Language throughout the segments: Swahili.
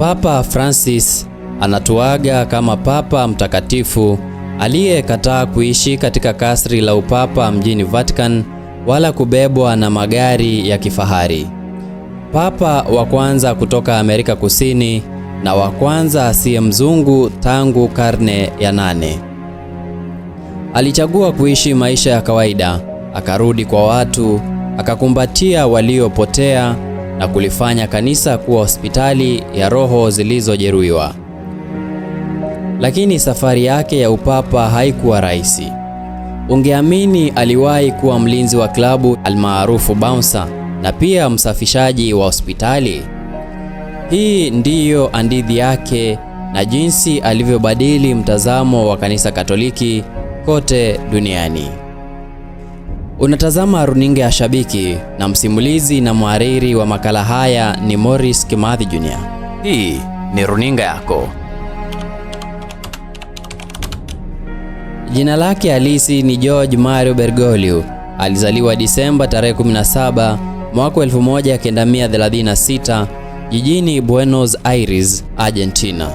Papa Francis anatuaga kama papa mtakatifu aliyekataa kuishi katika kasri la upapa mjini Vatican wala kubebwa na magari ya kifahari. Papa wa kwanza kutoka Amerika Kusini na wa kwanza asiye mzungu tangu karne ya nane. Alichagua kuishi maisha ya kawaida, akarudi kwa watu, akakumbatia waliopotea na kulifanya kanisa kuwa hospitali ya roho zilizojeruhiwa. Lakini safari yake ya upapa haikuwa rahisi. Ungeamini aliwahi kuwa mlinzi wa klabu almaarufu bouncer na pia msafishaji wa hospitali. Hii ndiyo andithi yake na jinsi alivyobadili mtazamo wa kanisa Katoliki kote duniani. Unatazama runinga ya Shabiki na msimulizi na mhariri wa makala haya ni Morris Kimathi Jr. Hii ni runinga yako. Jina lake halisi ni George Mario Bergoglio. Alizaliwa Disemba tarehe 17 mwaka 1936 jijini Buenos Aires, Argentina.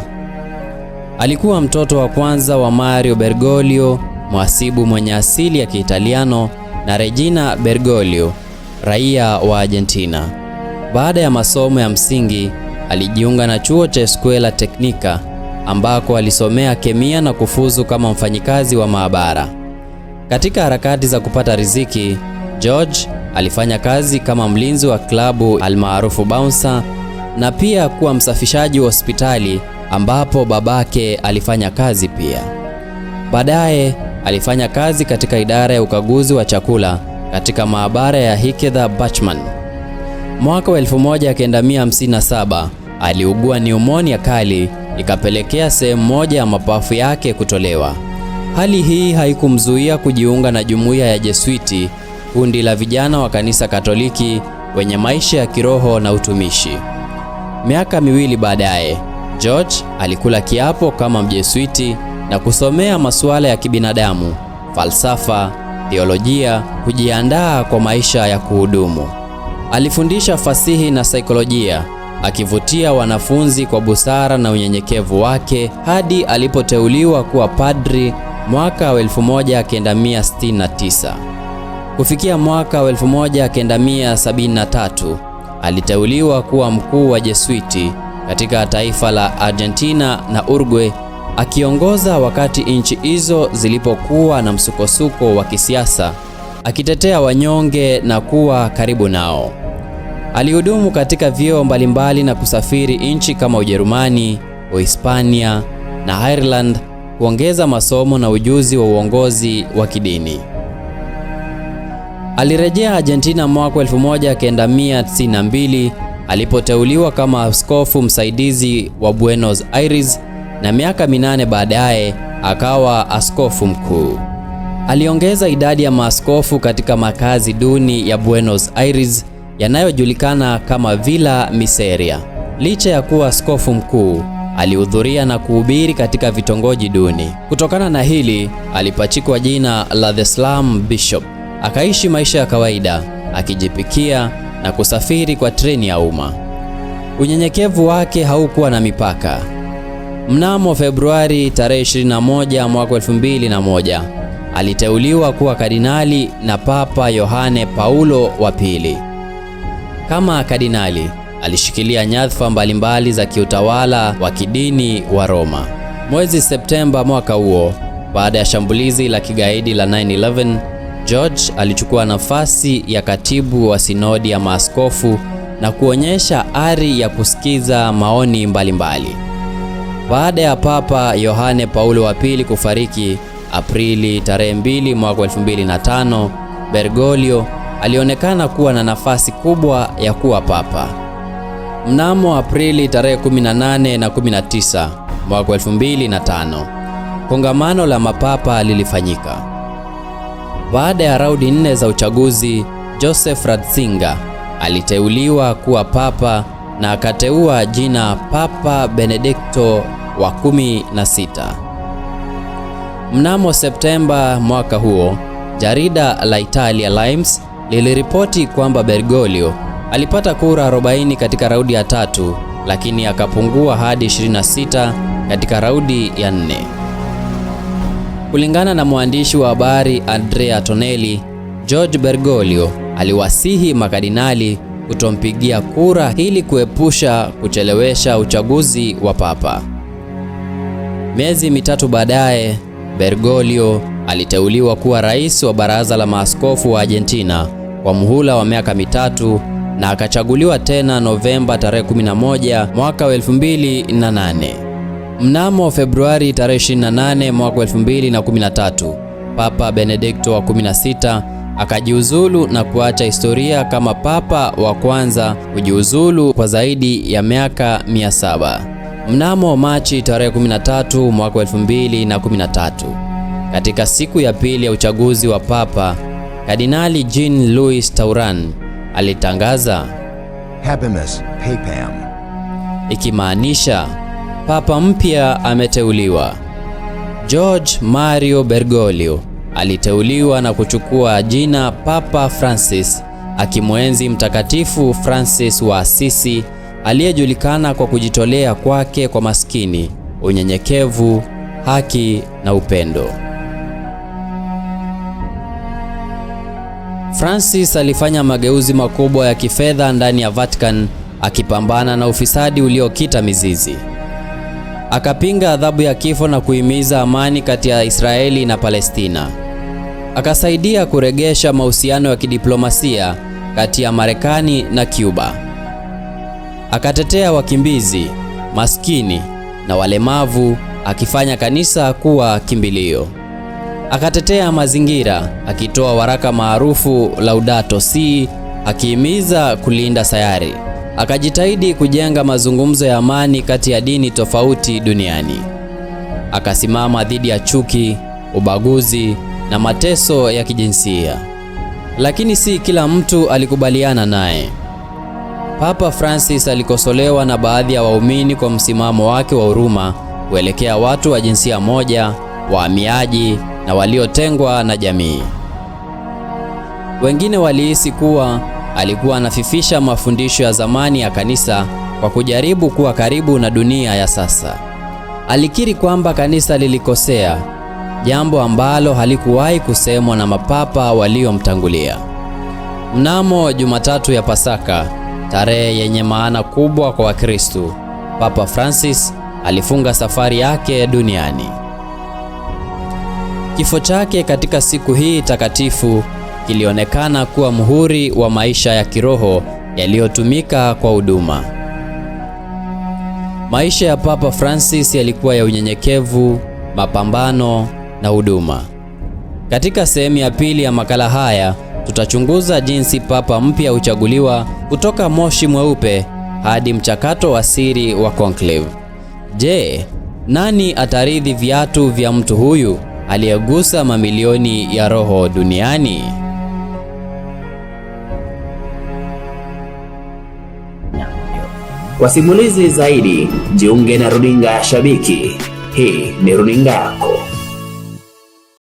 Alikuwa mtoto wa kwanza wa Mario Bergoglio, mwasibu mwenye asili ya Kiitaliano na Regina Bergoglio, raia wa Argentina. Baada ya masomo ya msingi, alijiunga na chuo cha Escuela Teknika ambako alisomea kemia na kufuzu kama mfanyikazi wa maabara. Katika harakati za kupata riziki, George alifanya kazi kama mlinzi wa klabu almaarufu Bouncer na pia kuwa msafishaji wa hospitali ambapo babake alifanya kazi pia. Baadaye Alifanya kazi katika idara ya ukaguzi wa chakula katika maabara ya Hikedha Bachman. Mwaka wa 1957 aliugua ya kali ikapelekea sehemu moja ya mapafu yake kutolewa. Hali hii haikumzuia kujiunga na jumuiya ya Jesuiti, kundi la vijana wa kanisa Katoliki wenye maisha ya kiroho na utumishi. Miaka miwili baadaye, George alikula kiapo kama Mjesuiti na kusomea masuala ya kibinadamu, falsafa, teolojia, kujiandaa kwa maisha ya kuhudumu. Alifundisha fasihi na saikolojia akivutia wanafunzi kwa busara na unyenyekevu wake hadi alipoteuliwa kuwa padri mwaka 1969. Kufikia mwaka 1973 aliteuliwa kuwa mkuu wa Jesuiti katika taifa la Argentina na Uruguay akiongoza wakati nchi hizo zilipokuwa na msukosuko wa kisiasa, akitetea wanyonge na kuwa karibu nao. Alihudumu katika vyeo mbalimbali na kusafiri nchi kama Ujerumani, Uhispania na Ireland kuongeza masomo na ujuzi wa uongozi wa kidini. Alirejea Argentina mwaka 1992 alipoteuliwa kama askofu msaidizi wa Buenos Aires na miaka minane baadaye akawa askofu mkuu. Aliongeza idadi ya maaskofu katika makazi duni ya Buenos Aires yanayojulikana kama Villa Miseria. Licha ya kuwa askofu mkuu, alihudhuria na kuhubiri katika vitongoji duni. Kutokana na hili, alipachikwa jina la The Slum Bishop. Akaishi maisha ya kawaida, akijipikia na kusafiri kwa treni ya umma. Unyenyekevu wake haukuwa na mipaka. Mnamo Februari tarehe 21 mwaka 2001 aliteuliwa kuwa kardinali na Papa Yohane Paulo wa Pili. Kama kardinali alishikilia nyadhifa mbalimbali za kiutawala wa kidini wa Roma. Mwezi Septemba mwaka huo, baada ya shambulizi la kigaidi la 9/11, George alichukua nafasi ya katibu wa sinodi ya maaskofu na kuonyesha ari ya kusikiza maoni mbalimbali mbali. Baada ya Papa Yohane Paulo wa pili kufariki Aprili tarehe 2 mwaka 2005, Bergoglio alionekana kuwa na nafasi kubwa ya kuwa papa. Mnamo Aprili tarehe 18 na 19 mwaka 2005, kongamano la mapapa lilifanyika. Baada ya raundi nne za uchaguzi, Joseph Ratzinger aliteuliwa kuwa papa na akateua jina Papa Benedikto wa 16. Mnamo Septemba mwaka huo, jarida la Italia limes liliripoti kwamba Bergoglio alipata kura 40 katika raundi ya tatu, lakini akapungua hadi 26 katika raundi ya nne. Kulingana na mwandishi wa habari Andrea Tonelli, George Bergoglio aliwasihi makadinali kutompigia kura ili kuepusha kuchelewesha uchaguzi wa papa. Miezi mitatu baadaye, Bergoglio aliteuliwa kuwa rais wa baraza la maaskofu wa Argentina kwa muhula wa miaka mitatu na akachaguliwa tena Novemba tarehe 11 mwaka 2008. Mnamo Februari tarehe 28 mwaka 2013, Papa Benedikto wa 16 Akajiuzulu na kuacha historia kama papa wa kwanza kujiuzulu kwa zaidi ya miaka 700 mnamo Machi tarehe 13 mwaka 2013. Katika siku ya pili ya uchaguzi wa papa, Kardinali Jean Louis Tauran alitangaza Habemus Papam, ikimaanisha papa mpya ameteuliwa. George Mario Bergoglio aliteuliwa na kuchukua jina Papa Francis akimwenzi Mtakatifu Francis wa Asisi aliyejulikana kwa kujitolea kwake kwa maskini, unyenyekevu, haki na upendo. Francis alifanya mageuzi makubwa ya kifedha ndani ya Vatican akipambana na ufisadi uliokita mizizi. Akapinga adhabu ya kifo na kuhimiza amani kati ya Israeli na Palestina akasaidia kuregesha mahusiano ya kidiplomasia kati ya Marekani na Cuba. Akatetea wakimbizi, maskini na walemavu akifanya kanisa kuwa kimbilio. Akatetea mazingira akitoa waraka maarufu Laudato Si akihimiza kulinda sayari. Akajitahidi kujenga mazungumzo ya amani kati ya dini tofauti duniani. Akasimama dhidi ya chuki, ubaguzi na mateso ya kijinsia, lakini si kila mtu alikubaliana naye. Papa Francis alikosolewa na baadhi ya waumini kwa msimamo wake wa huruma kuelekea watu wa jinsia moja, wahamiaji na waliotengwa na jamii. Wengine walihisi kuwa alikuwa anafifisha mafundisho ya zamani ya kanisa kwa kujaribu kuwa karibu na dunia ya sasa. Alikiri kwamba kanisa lilikosea jambo ambalo halikuwahi kusemwa na mapapa waliomtangulia. Mnamo Jumatatu ya Pasaka, tarehe yenye maana kubwa kwa Wakristu, Papa Francis alifunga safari yake duniani. Kifo chake katika siku hii takatifu kilionekana kuwa muhuri wa maisha ya kiroho yaliyotumika kwa huduma. Maisha ya Papa Francis yalikuwa ya unyenyekevu, mapambano, na huduma. Katika sehemu ya pili ya makala haya tutachunguza jinsi papa mpya huchaguliwa kutoka moshi mweupe hadi mchakato wa siri wa conclave. Je, nani atarithi viatu vya mtu huyu aliyegusa mamilioni ya roho duniani? Kwa simulizi zaidi, jiunge na runinga ya Shabiki. Hii ni runinga yako.